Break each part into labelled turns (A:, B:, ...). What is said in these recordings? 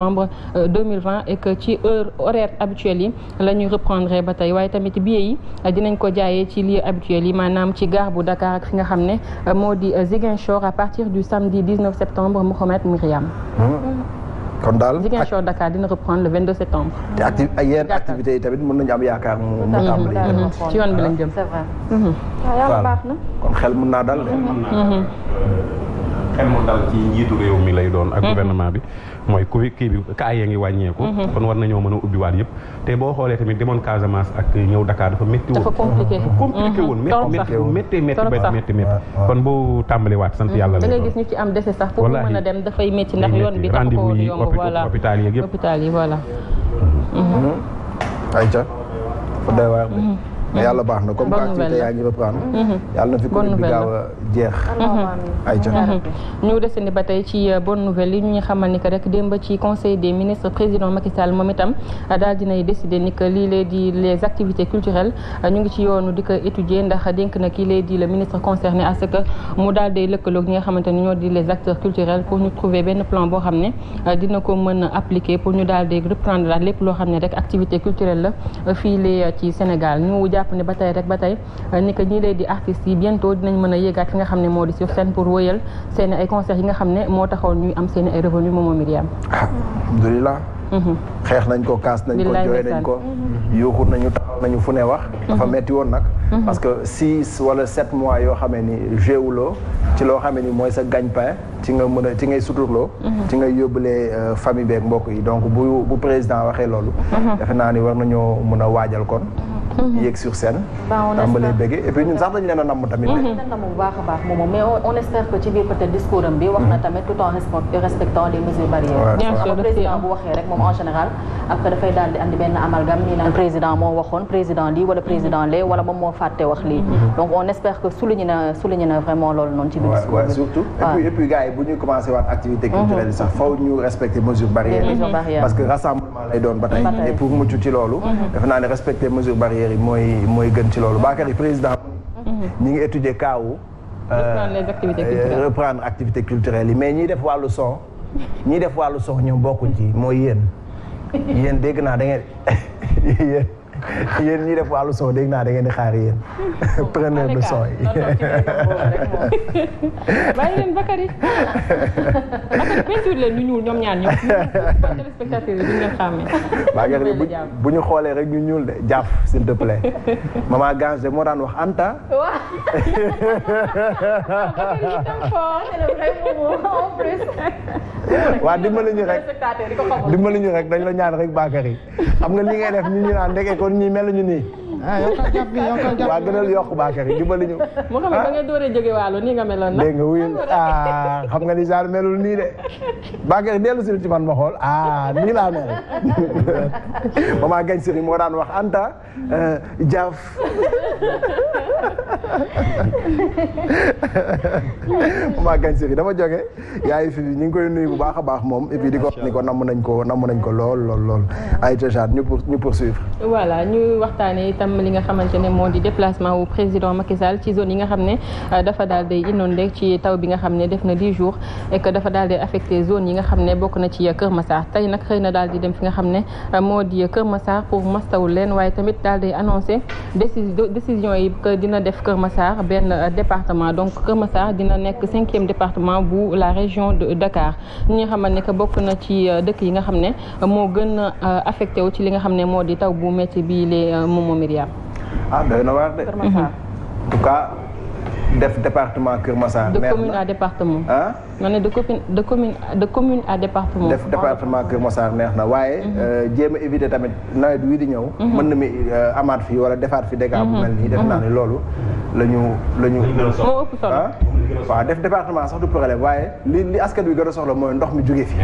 A: novembre e euh, et que ci heure horaire habituelle yi la ñuy reprendre ba tey waaye tamit billet yi euh, dinañ ko jaayee ci lieu habituel yi maanaam ci gare bu Dakar ak fi nga xam ne euh, moo di Ziguinchor à partir du samedi 19 septembre Mouhamed Myriam mmh. kon daal Ziguinchor Dakar dina reprendre le septembre.
B: te acti yenn activités yi tamit mën nañu am yaakaar mu mu
A: tàmbali. ci yoon bi lañ jëm c'est vrai. Mmh. yàlla baax na
C: kon xel mmh. bi. mooy ku kii bi kaa ngi wàññeeku. Mhm. kon war nañoo mën a waat yëpp. te boo xoolee tamit demoon Casamance ak ñëw Dakar dafa métti woon. dafa compliqué
A: compliqué woon.
C: métti métti métti métti kon bu tàmbaliwaat sant mhm. yàlla la. da ngay
A: gis ñu ci am dese sax pour mu mën a dem dafay métti ndax yoon bi taxu ko woon yomb voilà
C: hôpital yi voilà. ayca doy waar
B: ma yàlla baax na comme que activité yaa ngi reprendre mhm.
A: yàlla na fi covid bi gaaw a jeex mhm. ba tey ci euh, bonne nouvelle yi ñu xamal ni que rek démb ci conseil des ministre président Macky moom itam euh, daal dinay décider ni que lii lay di les activités culturelles euh, ñu ngi ci yoonu di ko étudier ndax dénk na kii lay di le ministre concerné à ce que mu daal day lëkkaloog ñi nga xamante ni ñoo di les acteurs culturels pour ñu trouver benn plan boo xam ne dina ko mën a appliquer pour ñu daal di reprendre daal lépp loo xam ne rek activité culturelle la jàpp ne ba tey rek ba tey euh, ni que ñii lay di artistes yi bientôt dinañ mën a yéegaat fi nga xam ne moo di sur scène pour wëyal seen ay concerts yi nga xam ne moo taxoon ñuy am seen ay revenu moomoo Myriam
B: alhamdulilah mhm. xeex nañ ko kaas nañ ko jooy mhm. nañu taxaw nañu fu ne wax mhm. dafa metti woon nag parce six wala sept mois yoo xamee ni géewuloo ci loo xamee ni mooy sa gagne-pain ci nga mën a ci ngay suturloo ci ngay yóbbulee euh, famille beeg mbokk yi donc bu bu a Mm-hmm. yéeg sur scène.
D: tàmbalee bége
B: et puis tamit. dañu leen
D: mm-hmm. bu baax a baax moom mais on espère que ci biir peut-être discours am bi. wax mm-hmm. moom en général. après dafay daal di andi benn amalgame moo fàtte wax lii. donc on espère que souligné na vraiment loolu noonu. ci biir discours surtout.
B: et puis bu ñu commencé waat activité culturelle sax faw ñu respecter mesures barrières. parce que rassemblement lay doon ba tey. pour mucc ci loolu. defe naa ne respecter mesures Bakary mooy mooy gën ci loolu Bakary président. Mhm. ñi ngi étudier cas wu.
A: reprendre les euh,
B: euh, activités culturelles yi mais ñiy def wàllu son. ñiy def wàllu son ñoom bokkuñ ci mooy yéen
D: yéen
B: dégg naa da yéen. yéen ñi def wàllu son dégg naa da ngeen di xaar preneur de son yi.
A: bàyyi leen yi leen xàmmee. waa
B: bu ñu xoolee rek ñu ñuul de jàpp s'il te plaît maman moo daan wax Anta. waaw dimbali ñu rek dimbali ñu rek dañ la ñaan rek Bakary xam nga li ngay def ñu ñu naan ndeke kon ñi mel ñu nii.
A: ah yow kan jàpp yow kan jàpp waa gënal
B: yokk Bakary jubali ñu.
A: mu xam ne ah? ba nga dooree jóge waalo nii nga meloon nag. dégg
B: nga wuyu ah xam nga ni genre melul nii de Bakary dellu si ci man ma xool ah nii laa mel. maman Gagne Sëriñ moo daan wax Anta euh, Jaaf. maman Gagne Sëriñ dama jóge yaay fi ñu ngi koy nuyu bu baax a baax moom et puis di ko ni ko namm nañ ko namm nañ ko lool lool lool ay tëjaat ñu pour ñu poursuivre.
A: voilà. voilà ñu waxtaanee itam li nga xamante ne moo di déplacement wu président Macky ci zone yi nga xam ne euh, dafa daal di ci taw bi nga xam ne def na 10 jours et que dafa daal di affecté zone yi nga xam ne bokk na ci euh, Kër Massar tey nag xëy na daal di dem fi nga xam ne euh, moo di Kër Massar pour mastawu leen waaye tamit daal di annoncé yi dina def Kër Massar benn département donc Kër Massar dina nekk cinquième département bu la région de Dakar ñi ne que bokk na ci dëkk yi nga xam ne moo gën affecté ci li nga xam ne moo di taw bu métti bii lee euh, Momo Myriam.
B: ah doy na waar de. en tout cas def département Kër Massar. de commune à
A: département ah. ma ne de commune de commune de commune à def
B: département Kër Massar neex na waaye. Mhm. Euh, jéem a éviter tamit nawet wii di ñëw. Mhm. mën na mi euh, amaat fii wala defaat fi dégâts bu mhm. mel nii. def naa ne loolu la ñu la ñu. moo ëpp solo ah? waaw def département sax du problème waaye li li askan wi gën a soxla mooy ndox mi jóge fi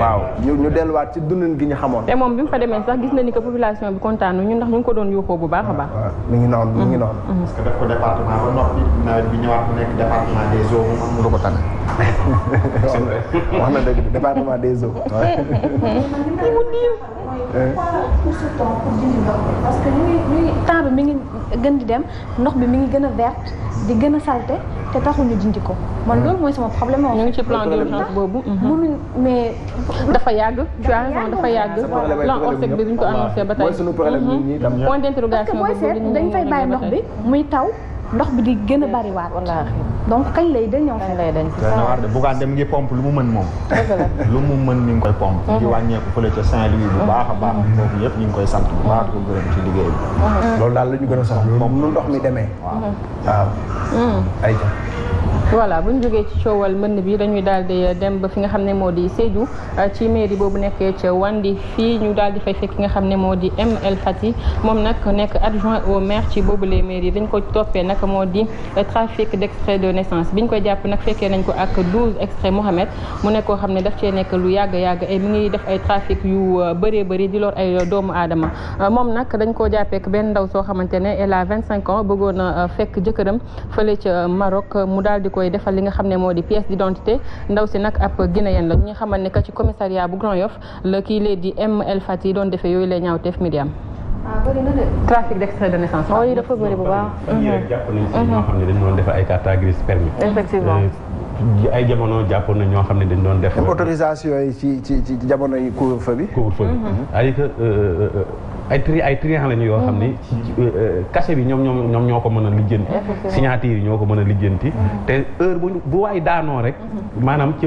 B: waaw ñu ñu delluwaat
E: ci dundin gi ñu xamoon.
B: te
A: moom bi mu fa demee sax gis na ni que population bi kontaan ndax ñu ngi ko doon yuuxoo bu baax a baax.
E: mi ngi noonu mi ngi noonu. parce que def ko département ko tane. wax na dëgg département des eaux.
F: mu niiw. pour ce temps pour dindi ndox bi parce que ñu ngi ñu ngi temps bi mi ngi gën di dem ndox bi mi ngi gën a verte di gën a salté te taxul ñu dindi ko man loolu
A: mooy sama problème. ñu ngi ci plan d'urgence boobu. mënuñ mhm. mais. dafa yàgg. dafa yàgg dafa yàgg. plan ORSEC bi duñ ko annoncé ba tey. mooy suñu
B: problème ñun mhm. ñii tam. point
A: d'interrogation boobu
F: dañ fay bàyyi ndox bi muy taw. ndox bi di gën a bariwaat. donc kañ lay dañ ñoom.
D: kañ lay dañ si saa
E: de bugaan dem ngi pompe lu mu mën moom. lu mu mën mi ngi koy pompe. Mhm. di wàññeeku fële ca Saint-Louis bu baax a baax. Mhm. foofu yëpp ñu ngi koy sant bu baax di ko gërëm ci liggéey bi. Mhm. loolu daal la ñu gën a soxla moom nu ndox mi demee. waaw
A: waaw. voilà bu ñu jógee ci coowal mën bi dañuy daal di dem ba fi nga xam ne moo di Sédhiou euh, ci mairie boobu nekkee ca Wandi fii ñu daal di fay fekk nga xam ne moo di ML Fati moom nag nekk adjoint au maire ci boobu les mairie dañ ko toppee nag moo di euh, trafic d'extrait de naissance bi ñu koy jàpp nag fekkee nañ ko ak 12 extrait Mohamed mu nekk koo xam ne daf cee nekk lu yàgg yàgg ay mi ngi def ay trafic yu euh, bëree bëri di loolu ay doomu aadama moom nag dañ koo jàppeek benn ndaw soo xamante ne elle a 25 ans bëggoon a fekk jëkkëram koy defal li nga xam ne moo di pièce d'identité ndaw si nag ab guinéen la ñu xamal ne que ci commissariat bu Grand Yoff la kii lee di M El Fati doon defee yooyu lay ñaawteef mi ah, de naissance. waaw oh, yooyu dafa bëri
C: mhm. ay carte grise permis. Euh, ay jamono jàppoon na ñoo xam ne dañ doon def.
B: autorisation yi ci ci jamono yi couvre-feu
C: bi. couvre-feu bi. Mhm. ay tri ay triant lañu yoo xam ni mm-hmm. euh, euh, cachet bi ñoom ñoom ñoom ñoo ko mën a lijjanti signature yi ñoo ko mën a lijjanti mm-hmm. te heure bu bu waay daanoo rek mm-hmm. maanaam ca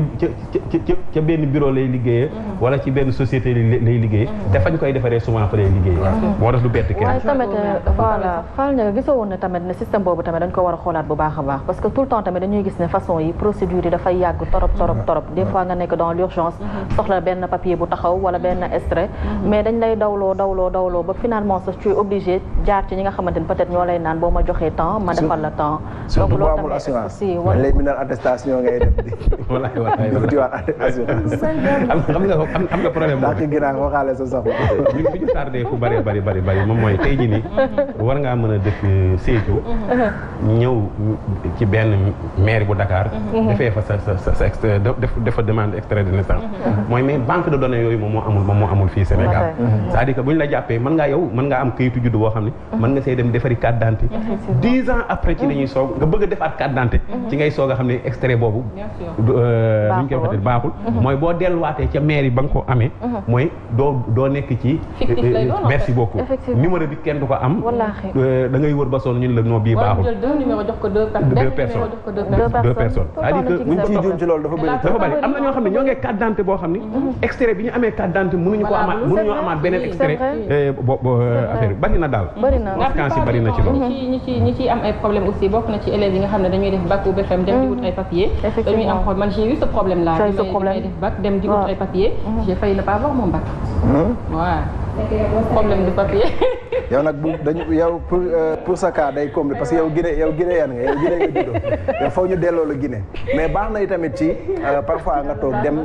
C: ca ca benn bureau lay liggéeyee wala ci benn société lay liggéeye te fañ koy defaree souvent fa lay liggéeye moo def lu bett kenn waaye
D: tamit voilà euh, xaal gisoo woon ne tamit ne système boobu tamit dañ ko war a xoolaat bu baax baax parce que tout le temps tamit dañuy gis ne façon yi procédure yi dafay yàgg torop torop torop des fois nga nekk bu taxaw wala benn extrait tolloo ba finalement sax tu es obligé jaar ci ñi nga xamante ni peut-être ñoo lay naan boo ma joxee temps ma defal la temps.
B: donc loolu di.
C: walaay walaay dafa diwaan attestation. xam nga am nga problème moom.
B: daa sa soxla.
C: ñun bi ñu tardé bari bari moom mooy tey jii nii. war ngaa mën a dëkk Sédhiou.
B: Mhm.
C: ñëw ci benn maire bu Dakar. Mhm. defee fa sa sa sa extrait dafa demande extrait de mhm. mooy mais banque de yooyu moo amul moom moo amul fii Sénégal. c'est-à-dire la jàppee mën ngaa yow mën ngaa am kayitu juddu boo xam ne mhm. mën nga say dem defari carte d'identité mhm, ans après ci la mhm. soog nga bëgg a defaat carte d'identité ci ngay soog xam ne extrait boobu luñ euh, koy waxati baaxul mooy boo delluwaatee ca maire yi ba nga ko amee mooy doo doo nekk ci euh, euh, merci beaucoup numéro bi kenn du ko am da ngay wër ba sonn ñu la non bii baaxul
A: deux personnes deux personnes c'est-à-dire que buñ ci loolu dafa bëri am na ñoo xam ne ñoo
C: ngee carte boo xam ne extrait bi ñu amee carte d'identité ko amaat créé bopp euh, bari na daal. bari na vacances yi bari na ci loolu.
A: ñi ci ñi ciy am ay problème aussi bokk na ci élèves yi nga xam ne dañuy def bac ou BFM dem di wut ay mm-hmm. papier dañuy am xool man j'ai eu problème là. j'ai eu dem di wut ah. ay papier mm-hmm. j'ai hmm?
B: nag bu dañu yow pour euh, pour sa cas day comble parce que yow Guinée yow nga yow Guinée nga juddoo yow faw ñu delloo la Guinée mais baax na tamit ci euh, parfois nga toog dem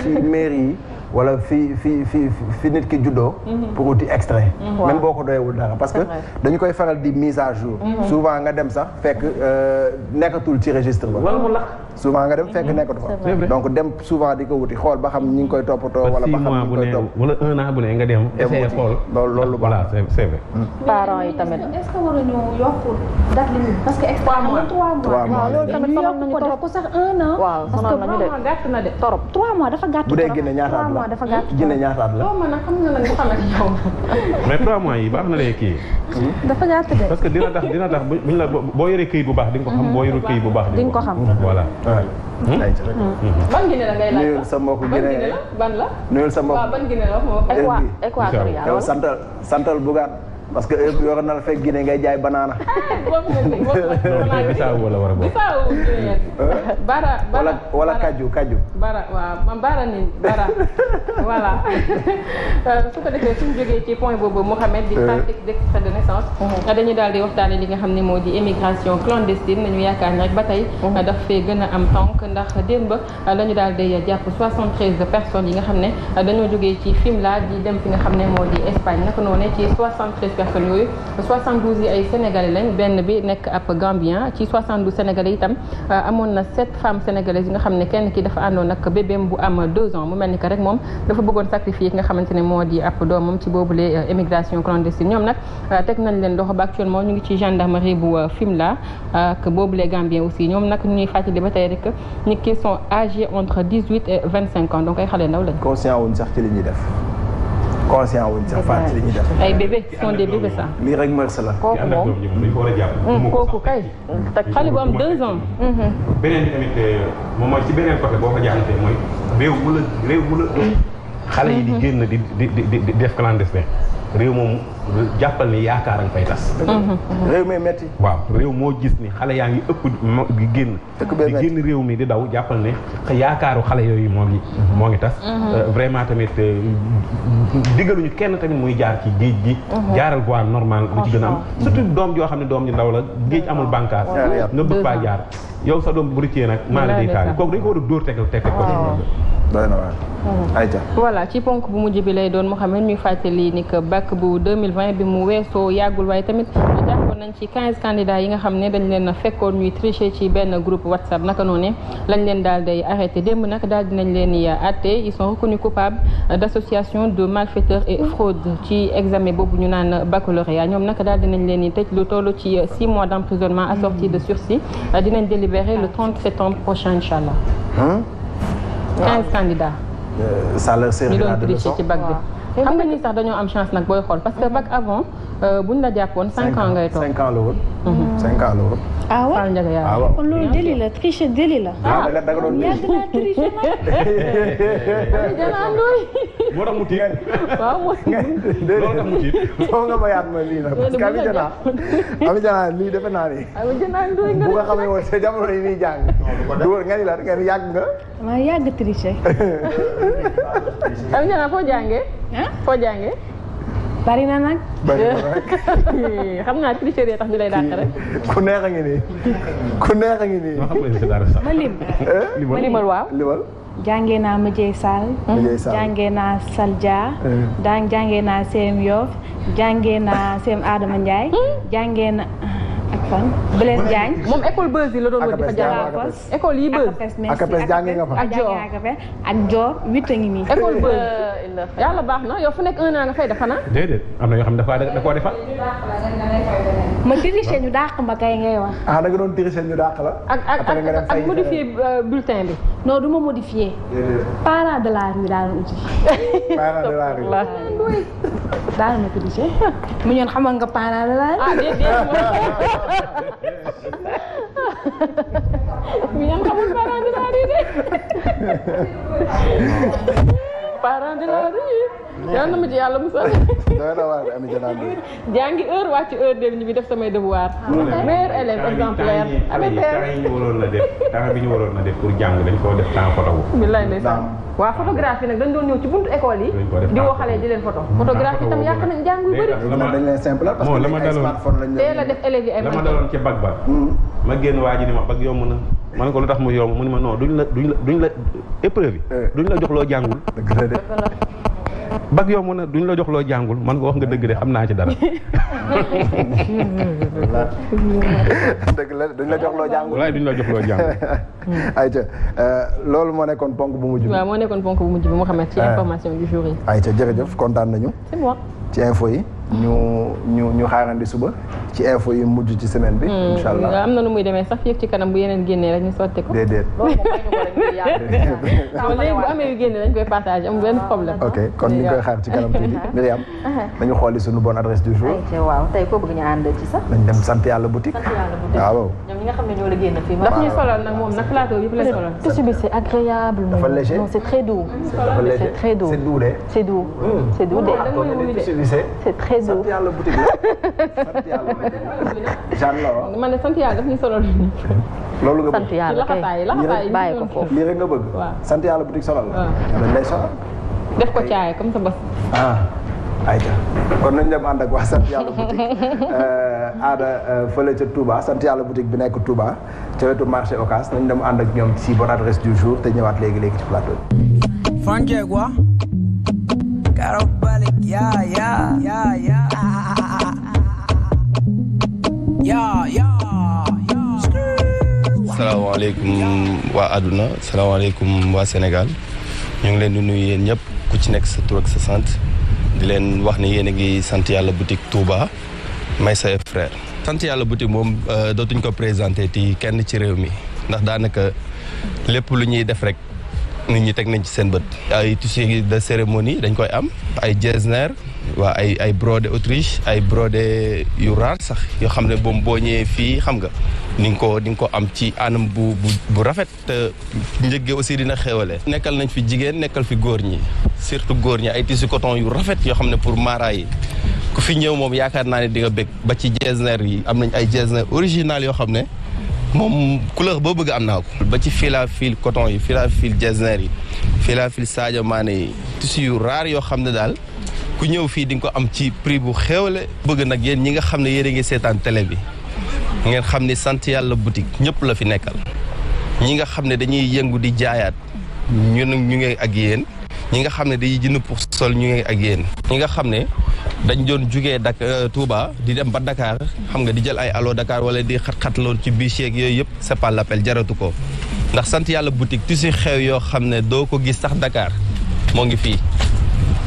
B: ci mairie yi. wala fi fi fi fi nit ki juddoo. Mhm. pour wuti extrait. Mhm. même boo ko doyewul dara parce que dañu koy faral di mise à jour. Mhm. souvent nga dem sax fekk euh, nekkatul ci registre ba. wala mu souvent nga dem fekk nekkatu donc dem souvent di ko wuti xool ba xam ñi ngi koy toppatoo. wala ba xam ñi ngi koy topp
C: wala un an bu ne nga dem. essayer xool loolu loolu lu baax la c'est vrai. Mm.
D: parents yi tamit est ce tamit sonal nañu trois mois bu dee génne ñaata mois dafa gàtt. jinne ñaata at la oh, ma nag xam
C: mais 3 mois yi baax na lay kii.
D: dafa gàtt
A: de.
F: parce
C: que dina tax dina tax buñ la boo yore këyit bu baax di ko xam boo yorul bu baax. di nga ko xam voilà. Hmm.
A: ban Guinée la ngay laaj
C: sa mbokku Guinée ban la. nuyul sa mbokku waaw ah,
A: ban Guinée la. santal
B: santal bugaan. parce que yoroon na la fekk Guinée ngay jaay banaana.
A: bara bara
B: wala kaju kaju.
A: bara waaw man bara nii bara voilà euh, su ko defee suñu jógee ci boobu Mouhamed di euh. trafic d'extrait de naissance. Euh, dañu daal di waxtaanee li nga xam ne moo di émigration clandestine nañu yaakaar ni rek ba tey. daf fee gën a am tonk ndax démb la ñu daal di jàpp 73 personnes yi nga xam ne dañoo jógee ci Fimela di dem fi nga xam ne moo di Espagne naka noonee ci 73 personnes. personnes yooyu 72 yi ay benn bi nekk ab gambien ci 72 sénégalais itam euh, amoon na sept femmes sénégalaises yi nga xam ne kenn ki dafa àndoon ak bébéem bu am deux ans mu mel ni que rek moom dafa bëggoon sacrifier ki nga xamante ne moo di ab doomam ci boobulee euh, émigration clandestine ñoom nag euh, teg nañ leen doxo ba actuellement ñu ngi ci gendarmerie bu Fimela ak boobulee gambien aussi ñoom nag ñuy fàttali ba tey rek ñi qui sont âgés entre 18 et 25 ans donc ay xale ndaw lañ conscient wuñ sax ci li ñuy def
B: conscient wuñ sax faat ci li ñuy
A: bébé sont des bébés sax.
B: lii rek mœurs la. kooku
C: moom
A: kooku kay. te xale bu am deux ans. Mhm.
C: beneen bi tamit euh, moom mooy ci beneen boo ko jàngtee mooy réew mu la réew mu la. xale yi di génn di di di def clandestin réew jàppal ni yaakaar a nga fay tas. réew mi metti waaw réew moo gis ni xale yaa ngi ëpp di génn. di génn réew mi di daw jàppal ne yaakaaru xale yooyu moo ngi moo ngi tas. Mm-hmm. Euh, vraiment tamit euh, diggaluñu kenn tamit muy jaar ci géej gi. Mm-hmm. jaaral voie normale lu ci gën a am. surtout doom joo xam ne doom ji ndaw la géej amul bànkaas. nga bëgg faa jaar yow sa doom bu rëccee nag. maa la day taal kooku dañ ko war a dóor tegal teg ko. doy na
A: mhm. ci ponk bu mujj bi lay doon Mouhamed ñuy fàttali ni que bac bu 2020 bi mu weesoo yàggul waaye tamit jàppoon nañ ci 15 candidats yi nga xam ne dañ leen fekkoon ñuy tricher ci benn groupe whatsapp naka noonu lañ leen daal day arrêté démb nag daal dinañ leen di àtte ils sont reconnus coupables d' association de malfaiteurs et fraude ci examen boobu ñu naan baccalauréat ñoom naka daal dinañ leen di tëj lu toll ci 6 mois d' emprisonnement assorti de sursis dinañ délibérer le 30 septembre prochain incha
B: allah.
A: 15 candidats.
B: Euh, ça leur servira de leçon. ñu doon tricher ci bac
A: bi. xam nga ni sax dañoo am chance nag booy xool parce que mm-hmm. bac avant. Euh, buñ la jàppoon cinq ans ngay toog
B: cinq ans la woon. Mhm. cinq ans ah ah la woon.
A: ah waaw ah waaw kon loolu délit la triche délit la.
F: ah da
B: nga doon ah, yàgg naa triche moo tax mu tiit. waaw moo tax mu tiit. foo nga ma yaat ma lii nag parce que Amidjana Amidjana lii defe naa ni.
A: Amidjana Ndoye nga bu nga xamee
B: woon sa jamono yi ñuy jàng. du nga ni la nga ni yàgg nga.
A: maa yàgg triche. Amidjana foo jàngee. foo jàngee. bari na nag. xam naa tricherie tax ñu lay dàq rek.
B: ku neex a ngi ku neex a ngi nii.
A: lim.
F: Eh? ma limal waaw limal. jàngee naa Madiaye Sall. Madiaye Sall hmm? jàngee naa Salja. Eh. daan jàngee naa Yoff jàngee naa Adama Ndiaye. Hmm? jàngee fan. Blaise Diagne moom école Beuz la doon wër di fa jàng. école yi Beuz akapes jàng nga fa ak Dior ak Dior huit a ngi nii. école Beuz yàlla baax na yow fu nekk un an nga fay defana.
C: déedéet am na yoo xam ne dafa da koo defal.
F: ma triché ñu dàq ma kay ngay wax.
C: ah da nga doon triché ñu dàq la.
F: ak ak ak ak modifié euh, bulletin bi. de la rue daal ma triché. mu ñoon xamal nga parent de la rue.
D: ah
A: mu ñoon xamul parent de la rue de. parents de la rue. yal na ma ci yàlla musal. doy na waar ami jëlaat bi. jàngi heure wàcc heure dem ñibbi def samay devoir. meilleur élève exemplaire.
C: amee temps yi ñu waroon na def temps bi ñu waroon na def pour jàng dañ koo def temps photo wu.
A: billaay ndeysaan waaw photographie nag dañ doon ñëw ci buntu école yi. di woo xale di leen photo. photographie itam yàq nañ jàng yu bëri. dañ
C: leen simple parce que ay smartphone
A: lañ leen. teel a def élèves yi ay la ma daloon
C: ci bag ba. Hmm. ma génn waa ji ni ma bag yomb na. ma ko lu tax mu yomb mu ne ma non duñ la duñ la duñ la épreuve yi eh. la jox loo jàngul bag yomb na duñ la jox loo jàngul man ko wax nga dëgg de xam naa ci dara dëgg la duñ la jox loo jàngul walaay duñ la jox loo jàngul
B: ayca euh, loolu moo nekkoon ponk bu mujj bi waaw
A: moo nekkoon ponk bu mujj bi mu xamante ci ah. information du jour yi
B: ayca jërëjëf kontaan nañu ci info yi ñu ñu ñu xaarandi suba ci info yi mujj ci semaine bi. Hmm. incha allah am na
A: nu muy demee sax yëpp ci kanam bu yeneen génnee rek ñu sotti ko. déedéet loolu moom léegi bu amee yu génne dañ koy partage am benn problème.
B: ok kon ñu koy xaar ci kanam tuuti Myriam. nañu xooli suñu bonne adresse du jour.
D: waaw tey ko bëgg ñu ànd ci sax. nañ dem
B: sant yàlla boutique. sant
D: yàlla boutique waaw. ñoom ñi nga xam ne ñoo la génn fii. waaw daf ñuy solal nag moom nag plateau yëpp lay solal. tissu bi c'est agréable. dafa léger non c'est très doux. dafa léger c'est très doux. c'est doux de. c'est doux. Hmm.
B: c'est doux de. Ah, c'est très doux. sant yàlla boutique la
D: sant yàlla.
B: Jeanne la waaw.
A: man de sant yàlla solo nii.
B: loolu nga bëgg sant yàlla kay
A: laxasaay bàyyi ko foofu
B: yàlla boutique solal la. waaw dañ lay solal.
A: def ko caay comme sa
B: ah, kon nañ dem àndak ak waa sant yàlla boutique euh, aada euh, fële ca Touba sant yàlla boutique bi nekk Touba ca wetu marché Ocass nañ dem ànd ak ñoom ci bonne adresse du jour te ñëwaat léegi léegi ci plateau bi.
C: Franck Dieng
F: Balik yaa yaa yaa yaa.
G: salaamaaleykum waa àdduna salaamaaleykum waa Sénégal ñu ngi leen di nuyu yéen ñëpp ku ci nekk sa tur ak sa sant di leen wax ni yéen a ngi sant yàlla boutique Touba Maysa et frère. sant yàlla boutique moom euh, dootuñ ko présenté ti kenn ci réew mi ndax daanaka lépp lu ñuy def rek nit ñi teg nañ ci seen bët. ay tissus de cérémonie dañ koy am ay Getzner waa ay ay brodé autriche ay brodé yu raar sax yoo xam ne boobu boo ñëwee fii xam nga ni nga ko di nga ko am ci anam bu bu rafet njëgge aussi dina xéwale nekkal nañ fi jigéen nekkal fi góor ñi surtout góor ñi ay tissu coton yu rafet yoo xam ne pour mara yi ku fi ñëw moom yaakaar naa ne di nga bëgg ba ci jeesner yi am nañ ay jeesner original yoo xam ne moom couleur boo bëgg am naa ko ba ci fil à fil coton yi fil à fil jeesner yi fil à fil Sadio Mané yi tissu yu raar yoo xam ne daal ku ñëw fii di nga ko am ci prix bu xéewale bëgg nag yéen ñi nga xam ne yéen a ngi seetaan tele bi ngeen xam ni sant yàlla boutique ñëpp la fi nekkal ñi nga xam ne dañuy yëngu di jaayaat ñu ñu ngi ak yéen ñi nga xam ne dañuy jënd pour sol ñu ngi ak yéen ñi nga xam ne dañ doon jugee dak euh, Touba di dem ba dakaar xam nga di jël ay alo dakaar wala di xat loon ci biche yeeg yooyu yëpp c'est pas l'appel jaratu ko ndax sant yàlla boutique tu xew yoo xam ne doo ko gis sax dakaar moo ngi fii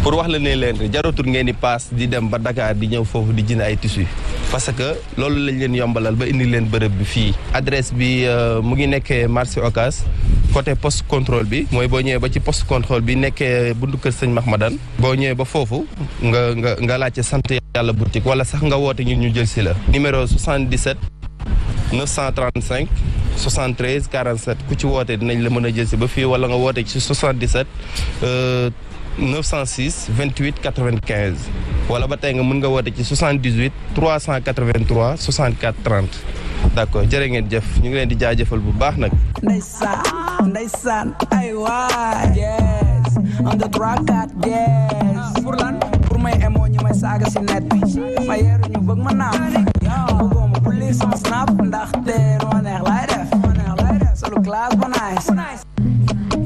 G: pour wax la ne leen jaratul ngeen di paas di dem ba Dakar di ñëw foofu di jënd ay tissus parce que loolu lañ leen yombalal ba indi leen bërëb bi fii adresse bi euh, mu ngi nekkee marché Ocass côté poste contrôle bi mooy boo ñëwee ba ci post contrôle bi nekkee buntu kër sëñ Mahmadan boo ñëwee ba foofu nga nga nga laajte sant yàlla boutique wala sax nga woote ñu ñu jël si la numéro 77 935 73 47 ku ci woote dinañ la mën a jël si ba fii wala nga woote ci 77 906 28 95 wala ba tey nga mën nga woote ci 78 383 64 30 d'accord jërë ngeen jëf ñu ngi leen di jaajëfal bu baax nag.
F: ndeysaan ndeysaan may emoo ñu may saaga si net ma yeeru ñu bëgg ma naam bëggoo ma bu lii sama snap ndaxte lu ma neex laay def lu ma neex laay def solo classe ba nice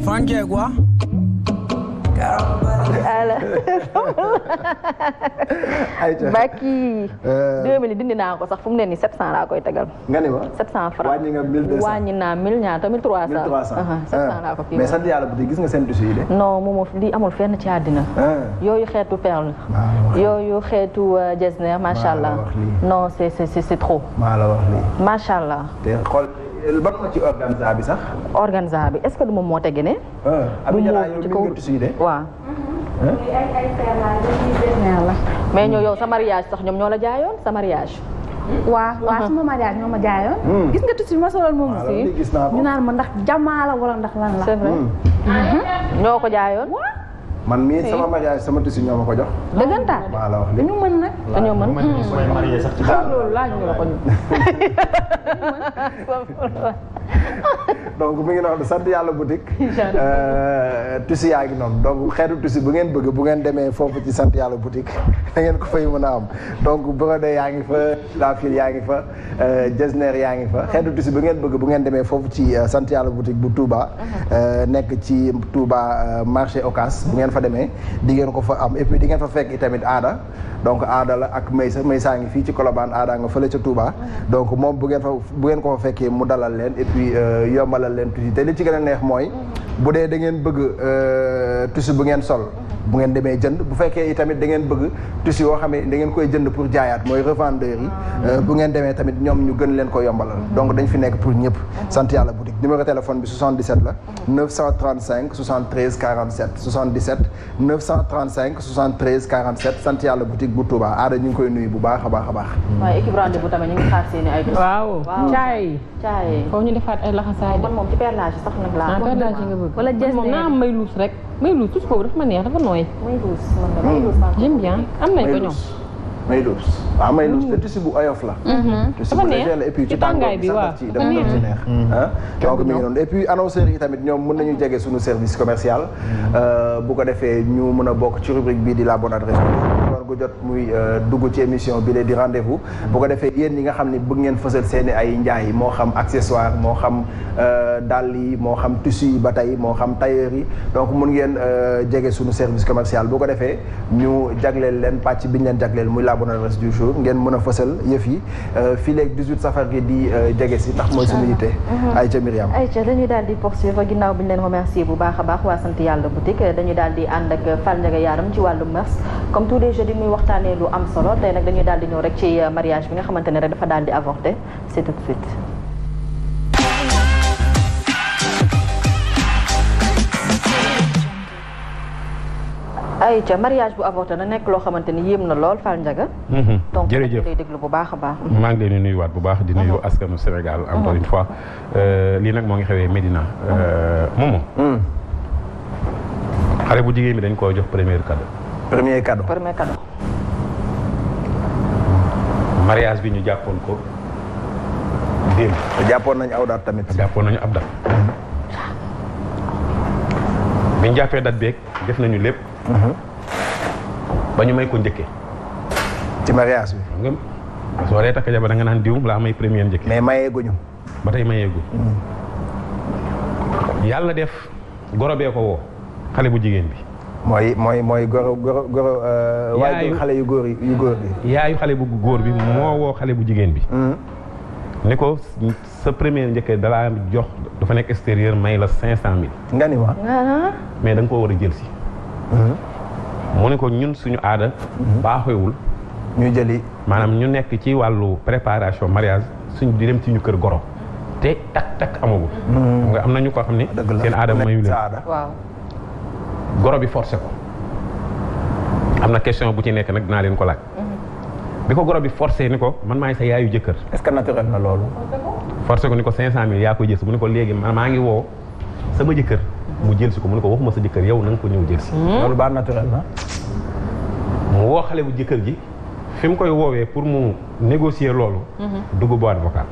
C: frank
D: ala bakki euh, deux mille dindi naa ko sax fu mu ni nii sept cent laa koy tegal nga ne ma sept cent franc wàññi nga mille deux cent wàññi naa mille ñaata mille trois cent sept cent ah. laa ko kii mais sant
B: yàlla bu dee gis nga seen tissu yi de
D: lii amul fenn ci àddina ah. yooyu xeetu perle yooyu xeetu euh, jesner macha allah non c'est c'est c'est trop maa la wax
B: ban moo ci organza bi sax.
D: organza bi est-ce que du moom moo tege ne.
B: Ah, du moom ci kaw waaw.
D: mais ñoo yow sa mariage sax ñoom ñoo la jaayoon sa waaw
F: waaw sama mariage ñoo ma hmm. gis nga tuuti ma soloon moom aussi ah, ñu naan ma ndax jamaa la
D: wala ndax lan la. Hmm. Hmm? ñoo ko jaayoon.
B: man mii sama mariage sama tissu ñoo ma ko jox.
D: dëggantaan maa la mën nag. dañoo mën mooy marié
B: ngi noonu sant yàlla boutique. Euh, tissu yaa ngi donc xeetu tissu bu ngeen bëgg bu ngeen demee foofu ci sant yàlla boutique da ngeen ko fay mën a donc brodé yaa ngi fa la fil yaa ngi fa euh, jesner yaa ngi fa xeetu tissu bu ngeen bëgg bu ngeen demee foofu ci euh, sant yàlla boutique bu Touba. Uh-huh. nekk ci Touba marché Ocas bu ngeen fa demee di ko fa am et puis fa fekk itamit aada donc aada la ak Maysa Maysa ngi fii ci Colobane aada nga fële ca Touba donc moom bu ngeen bu ngeen ko fa fekkee mu dalal leen et puis euh, yombalal leen tuuti te li ci gën a neex mooy bu dee da ngeen bëgg euh, tissu bu ngeen sol bu ngeen demee jënd bu fekkee itamit da bëgg tissu yoo xam ne da ngeen koy jënd pour jaayaat mooy revendeur yi ah. euh, bu ngeen demee tamit ñoom ñu gën leen ko yombalal donc dañ fi nekk pour ñëpp sant yàlla boutique numéro 935 73 47 sant yàlla boutique bu Touba aada ñu ngi koy nuyu bu baax a baax a baax.
D: waaye équipe rendez-vous tamit ñu
A: ngi xaar seen ay. waaw caay caay. foofu ñu defaat ay laxasaay. man moom ci perlage sax nag laa. Ah, perlage nga bëgg wala jees moom naa am may luus rek may luus tous boobu dafa ma neex dafa nooy. may hmm. am nañ ko
B: Mayloobs waaw ah, Mayloobs mm. te tissu bu oyof la. Mm-hmm. tissu bu léger la et puis ci tàngoor bi sax ci dafa doon ci neex. Mm-hmm. Ah, donc mi ngi noonu et puis yi tamit ñoom mën nañu mm-hmm. jege suñu service commercial. Euh, bu ko defee ñu mën a bokk ci rubrique bii di la bonne gu jot muy euh, dugg ci émission bi lee di rendez-vous bu ko defee yéen ñi nga xam ne bëgg ngeen fësal seeni ay njaay moo xam accessoire moo xam euh, dal yi moo xam tissu ba tey moo xam tailleur yi donc mun ngeen euh, jege suñu service commercial boo ko defee ñu jagleel leen pàcc bi ñu leen jagleel muy la bonne adresse du jour ngeen mën a fësal yëf yi fii léegi 18 safar gi di jege si ndax mooy suñu yitte Aïcha ay
D: Aïcha dañuy daal di poursuivre ginnaaw bi ñu leen remercier bu baax a baax waa sant daal di ànd ak Fall Ndiaga Yaram ci wàllu mars muy waxtaanee lu am solo tey nag dañuy daal di ñëw rek ci euh, mariage bi nga xamante ne rek dafa daal di avorté c'est tout de suite. Aïcha mariage bu avorté na nekk loo xamante ni yéem na lool Fall Ndiaga.
C: Mhm. jërëjëf donc
D: lay déglu bu baax a baax.
C: maa ngi leen di nuyuwaat bu baax di mhm. nuyu askanu Sénégal encore mhm. une fois euh, lii nag moo ngi xewee Médina euh, moomu. xale bu jigéen bi dañ koo jox premier cadeau.
B: premier cadeau premier cadeau.
C: mariage bi ñu jàppoon ko démb. jàppoon nañu aw date tamit. jàppoon nañu ab date. Mhm. bi ñu jàppee date beeg def nañu lépp. Mhm. ba ñu may ko njëkkee. ci mariage bi. parce que waree takk jabar nga naan diw laa may premier njëkkee. mais ñu ba tey mayeegu. Mhm. yàlla def gorobee ko woo xale bu jigéen bi.
B: mooy mooy mooy goro goro goro. Euh, xale yu góor yi yu
C: yaayu xale bu góor bi moo woo xale bu jigéen bi. Mm-hmm. ni ko sa première njëkkee dalaa jox dafa nekk extérieur may la cinq cent mille. nga ni wax uh-huh. mais da ko war a jël si. Mm-hmm. mu ne ko ñun suñu aada. Mm-hmm. baaxewul. ñu jëli. maanaam ñu nekk ci wàllu préparation mariage suñ di dem ci ñu kër goro. te takk takk amagul. xam am na ñu ko xam ne. seen aada mayu goro bi forcé ko am na question bu ci nekk nag dinaa leen ko laaj. Mhm. bi ko goro bi forcé ni ko man maay sa yaayu jëkkër. est-ce que naturel na loolu. forcé ko ni ko 500000 yaa koy jël si mu ni ko léegi man maa ngi woo sama jëkkër. mu jël si ko mu ne ko waxuma sa jëkkër yow na ko ñëw jël si. Mhm. loolu baax naturel na. mu woo xale bu jëkkër ji fi mu koy woowee pour mu négocier loolu. Mhm. dugg boîte vocale.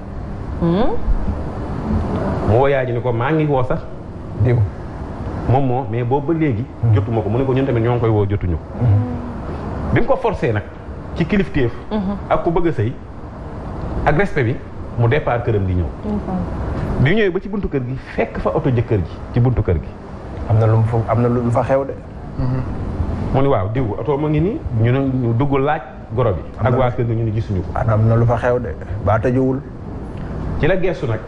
A: mu
C: woo yaay ji ni ko maa ngi woo sax diw. moom moo mais boobu ba léegi. jotuma ko mu ne ko ñun tamit ñoo ngi koy woo jotuñu ko. bi mu ko forcé nag ci kilifteef. ak ku bëgg a sëy ak respect bi mu départ këram gi ñëw. bi ñëwee ba ci buntu kër gi fekk fa oto jëkkër ji ci buntu kër gi. am na lu mu fa am na lu mu fa xew de. mu ni waaw diw oto ma ngi nii ñu ne ñu dugg laaj goro bi. ak waa kër gi ñu ne gisuñu ko. am na lu fa xew de baa tëjuwul. ci la geestu nag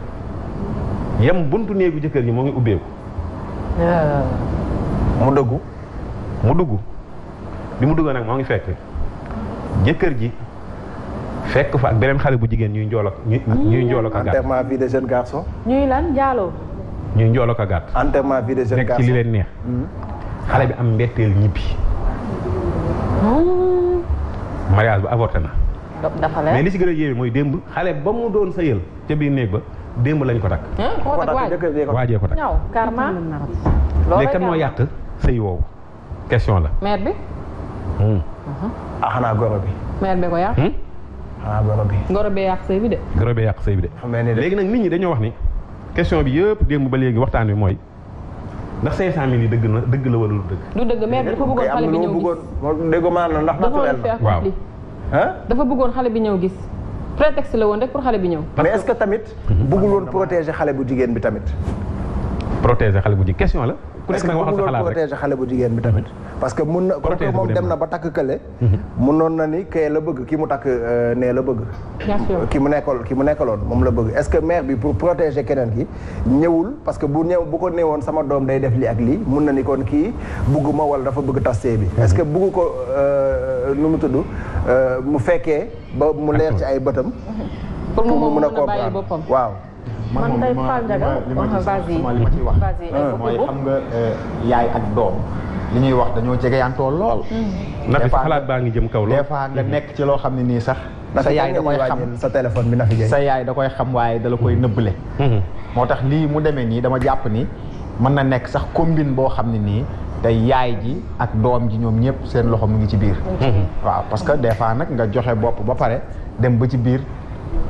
C: yem buntu néegu jëkkër ji moo ngi ubbeeku.
D: mu
C: dëggu mu dugg bi mu dugg nag moo ngi fekk jëkkër ji fekk fa ak beneen xale bu jigéen ñuy njool ak ñuy hmm. a gàtt enterrement
B: vie de jeune garçon
D: ñuy lan jaaloo
C: ñuy njool ak a gàtt enterrement de jeune garçon nekk ci leen neex hmm. xale bi am mbetteel ñibbi
D: hmm.
C: mariage ba avorté na dafa leer mais li ci gën a yéeme mooy démb xale ba mu doon sa yël ca biir néeg ba démb lañ ko takk. koo takk waaj waajee ko
D: takk.
A: ñaw karma léegi kan moo yàq
C: sëy woowu question la. maire bi. Hmm. Uh-huh. ah xanaa goro bi.
A: maire bi ko yàq. Hmm? xanaa goro bi. goro bee yàq sëy bi de.
C: goro bee yàq sëy bi de. léegi nag nit ñi dañoo wax ni question bi yëpp démb ba léegi waxtaan wi mooy. ndax sëy 500000 yi dëgg na dëgg la wala du dëgg.
A: du dëgg mais bi
C: ndax waaw.
A: dafa bëggoon xale bi ñëw gis. prétexte la woon rek pour xale bi ñëw. mais
B: est-ce que tamit. bëggul woon protéger xale bu jigéen bi tamit.
C: protéger xale bu jigéen question
A: la.
B: ku nekk nag xale bu jigéen bi tamit parce que mun na comme moom dem na ba takk kële munoon mhm. na ni kee la bëgg ki mu takk euh, nee la bëgg ki mu nekkal ki mu nekkaloon moom la bëgg est-ce que mère bi pour protéger keneen ki ñëwul parce que bu ñëw bu ko néewoon sama doom day def li ak lii mun na ni kon kii bugg wala dafa bëgg tas see bi mhm. est-ce que bugg ko euh, nu mu tudd euh, mu fekkee ba mu leer ci ay bëtam
F: pour mu mën a comprendre waaw man tey Pape Ndiaga li ma li ma li ma
E: ciy wax.
A: Euh, mooy xam
E: nga euh, yaay ak doom. li ñuy wax dañoo jegeyantoo lool. Mm-hmm. des fois xalaat baa ngi jëm kaw lool. des fois nga nekk ci loo xam ne nii sax. sa yaay da koy xam sa téléphone bi na sa yaay da koy xam waaye dala koy nëbbale. Mm-hmm. moo tax lii mu demee nii dama jàpp ni mën na nekk sax combine boo xam ne nii. te yaay ji ak doom ji ñoom ñëpp seen loxo mu ngi ci biir. Mm-hmm. waaw parce que des fois nag nga joxe bopp ba pare dem ba ci biir.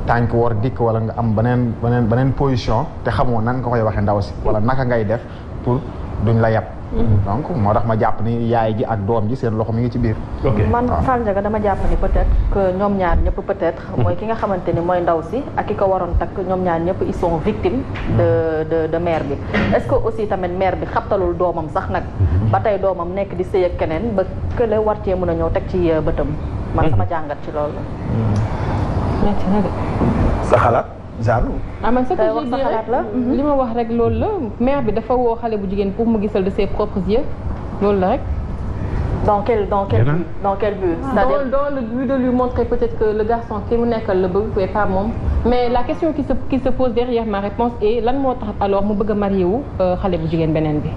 E: tànk war dikk wala nga am beneen beneen beneen position te xamoo nan nga koy waxee ndaw si wala naka ngay def pour duñ la yàpp mm-hmm. donc moo tax ma jàpp ni yaay ji ak doom ji seen loxo mi ngi ci
C: biir. man Fall
D: dama jàpp ni peut-être ñëpp peut-être. Mm-hmm. mooy ki nga xamante ni mooy ndaw si ak ki ko waroon takk ñoom ñaar ñëpp ils sont victimes de de bi. est-ce que aussi tamit maire bi xabtalul doomam sax nag. Mm-hmm. ba tey doomam nekk di sëy ak keneen ba kële war cee mën a ñëw teg ci euh, bëtam. man sama jàngat ci loolu. métti na de.
B: sa xalaat genre.
A: ah man sa xalaat la li ma wax rek loolu la mère bi dafa woo xale bu jigéen pour mu gisal de ses propres yeux loolu la rek. dans quel dans quel but dans quel but. Ah, c'est-à-dire dans le but de lui montrer peut-être que le garçon ki mu nekkal la bëgg mais pas moom mais la question qui se qui se pose derrière ma réponse est lan moo tax alors mu bëgg a marié wu euh, xale bu jigéen beneen bi.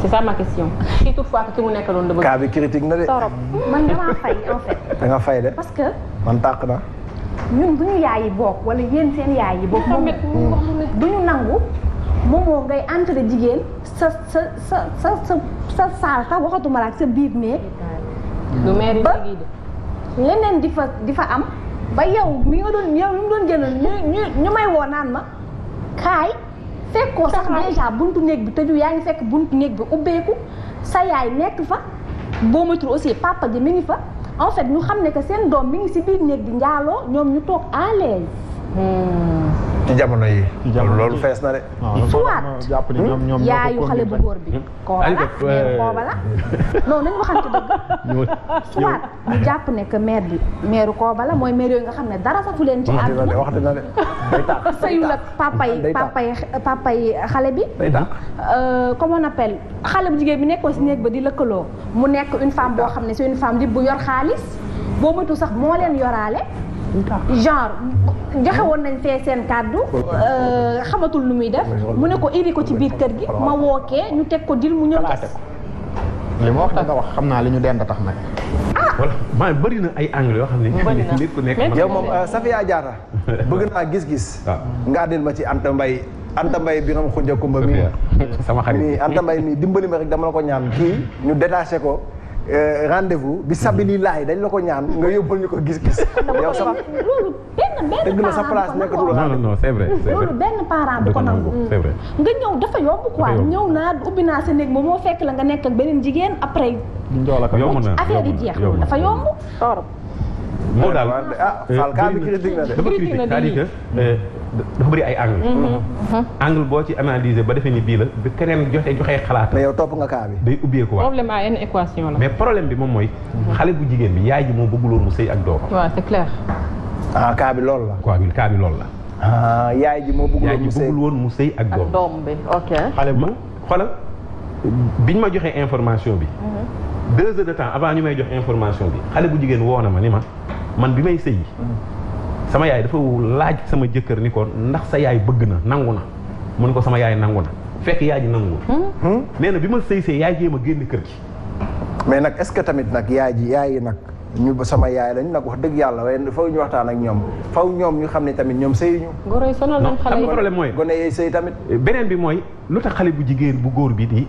A: c'est ça ma question. si toutefois ki mu nekkaloon la bëgg.
B: cas bi critique na de. torop
A: man damaa fay en
B: fait. da nga fay de.
D: parce
A: que man tàq na. ñun duñu yaay
F: yi bokk wala yéen seen yaay yi bokk duñu nangu moomoo ngay entre jigéen sa sa sa sa sa sa saal sax sa biir néeg ba leneen di fa di fa am ba yow mi nga doon yow mi mu doon jëloon naan ma kaay fekkoo sax déjà buntu néeg bi tëju yaa ngi fekk buntu néeg bi ubbeeku sa yaay nekk fa boo matul aussi papa ji mi fa en ñu xam ne que seen doom mi ngi ci biir néeg di njaaloo ñoom ñu toog à l'aise Hmm.
B: ci jamono yi. ci jamono loolu fees na de. suwaat ah, jàpp ñoom
F: ñoom yaayu xale bu góor bi. kooba la mais kooba la non nañu waxante dëgg. jàpp ne que maire bi maire kooba la mooy maire yooyu nga xam ne dara safu leen ci àdduna.
B: wax dina de wax sëyul ak
F: papa papa xale bi. day euh, comment on appelle xale bu jigéen bi nekkoon si néeg ba di lëkkaloo mu nekk une femme boo xam ne c'est une di bu yor xaalis boo moytu sax moo leen yoraale. genre joxe woon nañ fee seen kàddu euh, xamatul nu muy def mu ne ko indi ko ci biir kër gi ma wookee ñu teg ko dil mu ñëw
E: li ma wax nga wax xam naa li ñu dend tax nag ah! voilà maa bëri na ay angle yoo xam ne.
F: nit ku nekk yow moom euh,
B: Safia Diatta bëgg naa gis-gis. Ah. nga àddil ma ci Anta Mbaye Anta mbay bi nga xam xunja kumba mii. sama xarit mii Anta mbay mii dimbali ma rek dama la ko ñaan kii ñu détaché ko. Euh, rendez-vous bi Sabili laay dañ la ko ñaan nga yóbbal ñu ko gis-gis.
A: yow sa loolu benn
B: benn
F: parent du ko nangu non
C: non c'est vrai loolu
F: benn parent du ko nangu. c'est vrai nga ñëw dafa yomb quoi ñëw naa ubbi naa sa néeg ba moo fekk la nga nekk ak beneen jigéen après.
C: yomb na affaire
F: yi jeex dafa yomb. torop
C: moo daal ah Fall cas bi critique na de. dafa critique c'est-à-dire que. dafa bëri ay angle mhm. Mhm. angle boo ci analyser ba defee ni bii la bi keneen joxe joxee xalaat mais yow topp nga kaa bi day ubbeeku waat
A: problème à une équation la mais
C: problème bi moom mooy xale bu jigéen bi yaay ji moo bëgguloon mu sëy ak doomam waaw c'est kaa ah, bi loolu la quoi kaa bi loolu la ah, yaay ji moo bëggul woon mu sëy woon mu sëy ak doom doom bi ok. xale bu xoolal ñu ma joxee information bi.
D: Mhm.
C: deux heures de temps avant ñu may jox information bi xale bu jigéen woo na ma ni ma man bi may sëy sama yaay dafa laaj sama jëkkër ni ko ndax sa yaay bëgg na nangu na mu ne ko sama yaay nangu na fekk yaay ji nangu. Hmm? nee na bi ma sëy see yaay jee a génn kër gi.
B: mais nag est-ce que tamit nag yaay ji yaay yi nag ñu ba sama yaay lañ nag wax dëgg yàlla waaye faw ñu waxtaan ak ñoom faw ñoom ñu xam
C: ne tamit ñoom sëyuñu.
A: goro yi sonal nañ xale yi problème
C: mooy gone yee sëy tamit. beneen bi mooy lu tax xale bu jigéen bu góor bi di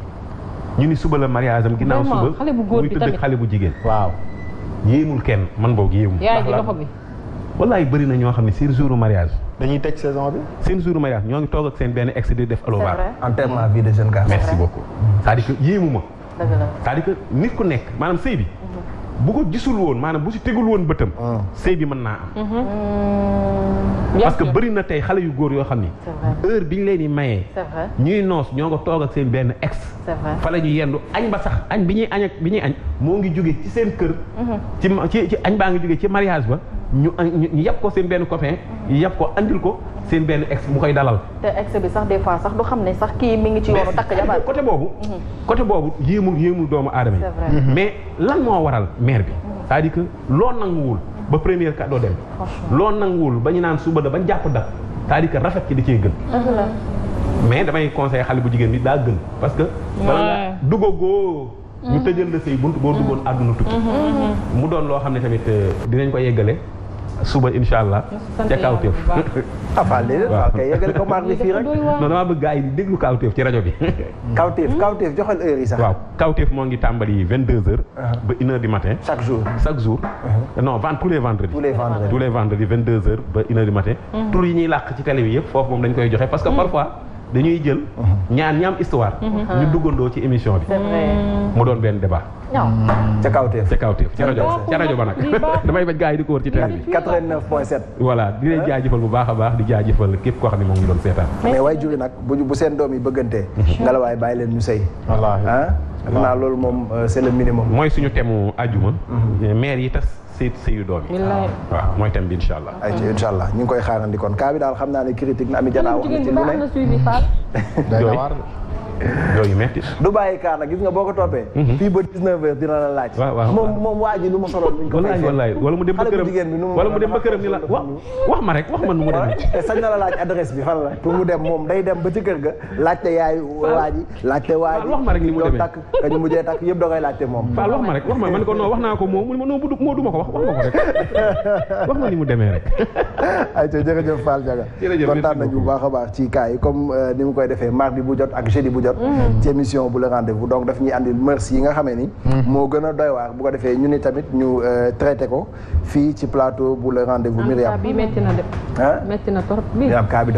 C: ñu ni suba la mariage am ginnaaw suba. xale
A: bu góor bi tamit xale
C: bu jigéen. waaw yéemul kenn man boog yéemul. yaay ji loxo bi wallaay bëri na ñoo xam ne seen jouru mariage. dañuy tëj saison bi. seen jouru mariage ñoo ngi toog ak seen benn ex di def alobar. en terme de jeune garçon. merci beaucoup cest ma. dëgg que nit ku nekk maanaam sëy bi. bu ko gisul woon maanaam bu si tegul woon bëtam. Ah. sëy bi mën naa
D: mm-hmm. parce mm-hmm. que
C: bëri na tey xale yu góor yoo xam ni. heure bi leen di mayee. ñuy noos ñoo nga toog ak seen benn ex. fa la ñu yendu añ ba sax añ bi ñuy añ ak bi ñuy añ moo ngi jóge ci seen kër.
D: Mm-hmm.
C: ci añ baa ngi jóge ci mariage ba. ñu ñu yab ko seen benn copain. yab ko andil ko seen benn ex mu koy dalal.
D: te ex bi sax des fois sax du xam ne sax kii mi ngi ci yoonu takk
C: jabar côté boobu. Mhm. côté boobu yéemul yéemul doomu aadama mhm. mais lan moo waral maire bi. c'est-à-dire que loo nanguwul ba première cadeau dem. loo nanguwul ba ñu naan suba da bañ jàpp dab cest que rafet ki da cee gën. mais damay conseillé xale bu jigéen bi daa parce que. bala nga mhm. ñu tëjal la say bunt boo duggoon àdduna tukki. mu doon loo xam ne tamit euh, dinañ ko yeggale. suba incha allah. ca Kawtef. ah Fall de waaw kay yëgal ko maar bi fii rek. non damaa bëgg gars yi déglu Kawtef ci rajo bi.
B: Kawtef Kawtef joxal heure yi
C: sax. waaw Kawtef moo ngi tàmbali 22h. Uh-huh. ba 1h du matin. chaque jour chaque jour.
A: Uh-huh.
C: non vent tous les vendredis. tous les vendredis tous les vendredis 22 uh-huh. yi ñuy làq ci télé bi yëpp foofu moom dañ koy joxe parce que parfois. dañuy jël ñaan ñaam histoire. ñu duggandoo ci émission bi. mu doon benn débat.
D: ca
C: kawteef ca kawteef ca rajo ca rajo ba nag damay bañ gars yi di ko wër ci télé bi 89.7 voilà di leen jaajëfal bu baax a baax di jaajëfal képp koo xam moom ñu doon seetaan
B: mais way juri nag bu bu seen doom yi bëggantee mhm. nga la waaye bàyyi leen ñu sëy ah naa loolu moom euh, c'est minimum mooy
C: suñu temu ajuma mhm. maire yi tas sëy sëyu doom yi ah, waaw mooy thème bi allah ñu ngi koy
B: xaarandi kon kaa bi daal xam naa ne critique na ami janaa wax na
A: ci lu
B: ne yooyu metti du bàyyi kaar nag gis nga boo ko toppee. Mhm. fii ba 19 dina la laaj. waaw waaw moom moom waa ji lu ma soloon. ko fay fekk wala mu dem ba këram wala mu ba këram la wax ma rek bi fan la. moom day dem ma rek li mu demee da koy laajte moom. waaw wax ma rek wax ma man ko non wax
D: naa
C: ko moom mu ne ma non moo du ma ko wax ma ko rek
B: wax ma ni mu demee rek. ayca jërëjëf Fall Diaga kontaan nañu bu baax a baax ci kaay comme euh, ni mu koy defee mardi bu jot ak jeudi bu jot mhm. ci émission bu le rendez-vous donc daf ñuy andil mœurs yi nga xamee ni mhm. moo gën a doy waar bu defee ñu ni tamit ñu euh, traité ko fii ci plateau bu le rendez-vous Myriam bi
A: metti na de metti na torop
B: bi